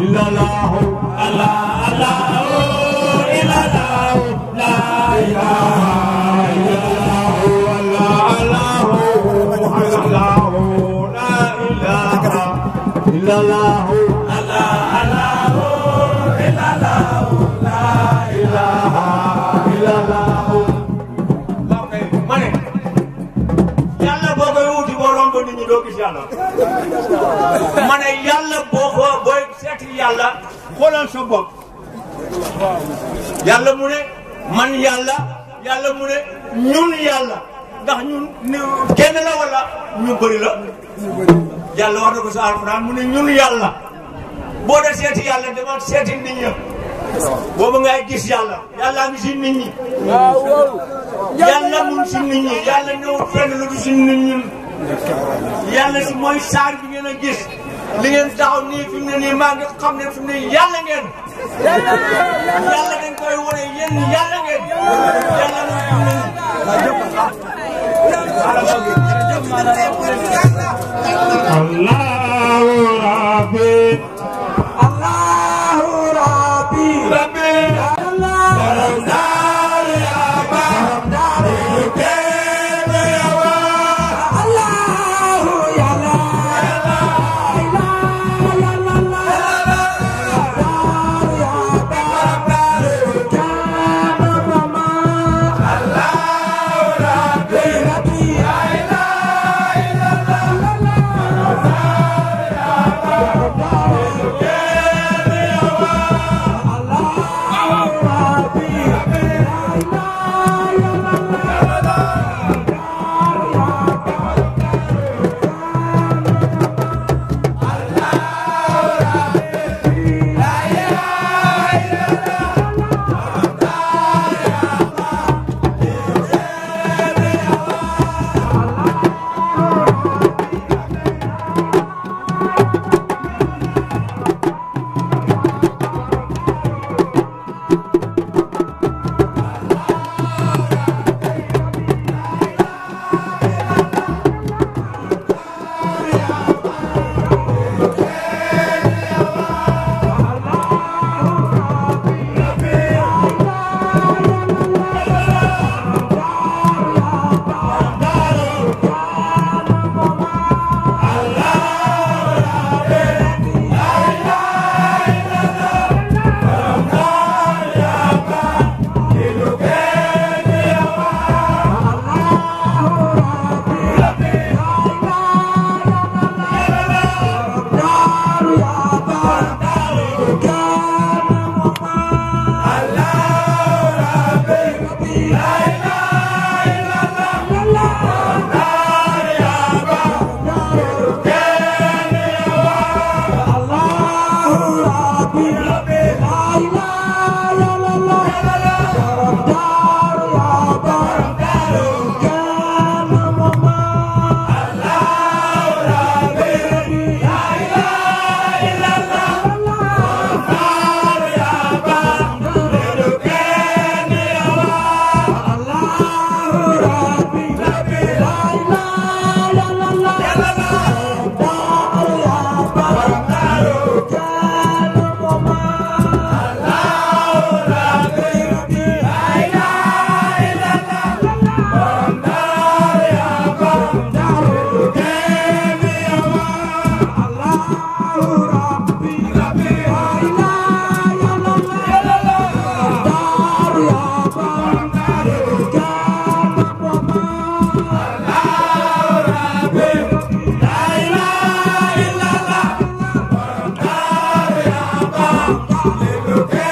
إلا الله الله الله إلا الله لا إله إلا الله الله الله الله لا إله إلا الله yàlla yàlla mu ne ñun yàlla ndax ñun kenn la wala ñu bëri la. yàlla wax na ko sa alxuraan mu ne ñun yàlla boo dee seeti yàlla dama seeti nit ñi boobu ngay gis yàlla yàlla ngi si nit ñi. yàlla mun si nit ñi yàlla ñëwul fenn lu du si nit ñi yàlla si mooy saar bi ngeen gis. li ngeen taxaw nii fi mu ne nii maa ngi xam ne fi mu ne yàlla ngeen. yàlla ngeen koy wane yéen yàlla ngeen. yàlla ngeen. allahu rabbi. Yeah.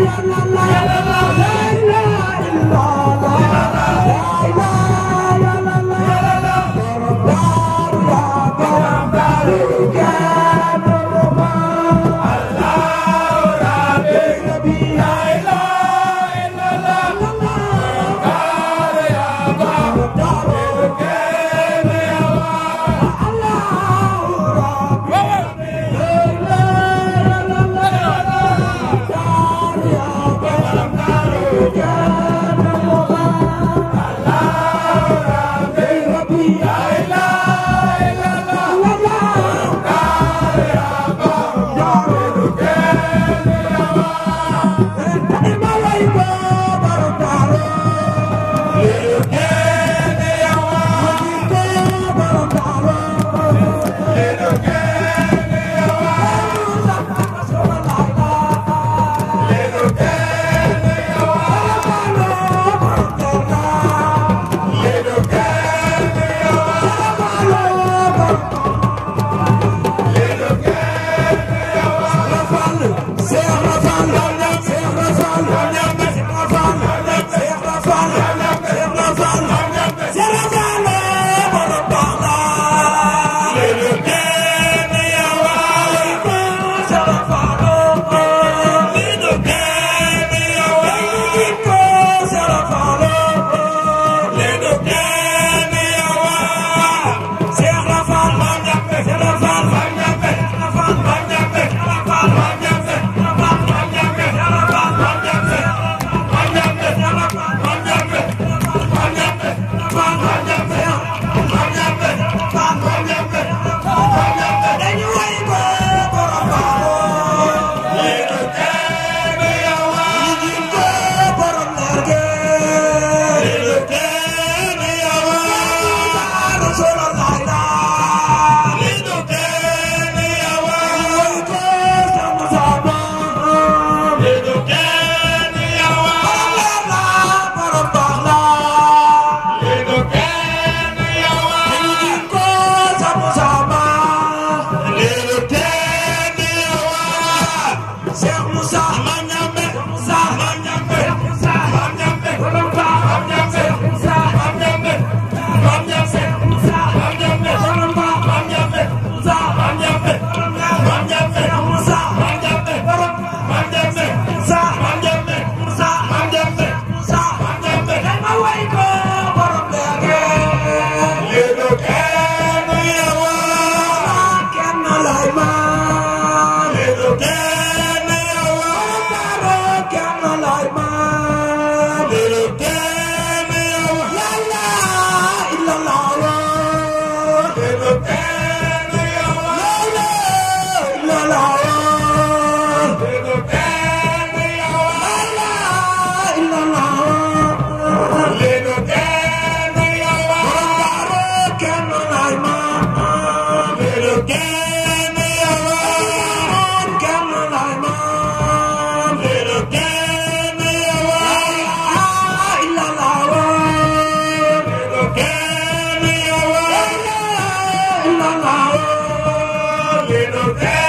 la la la No. dad.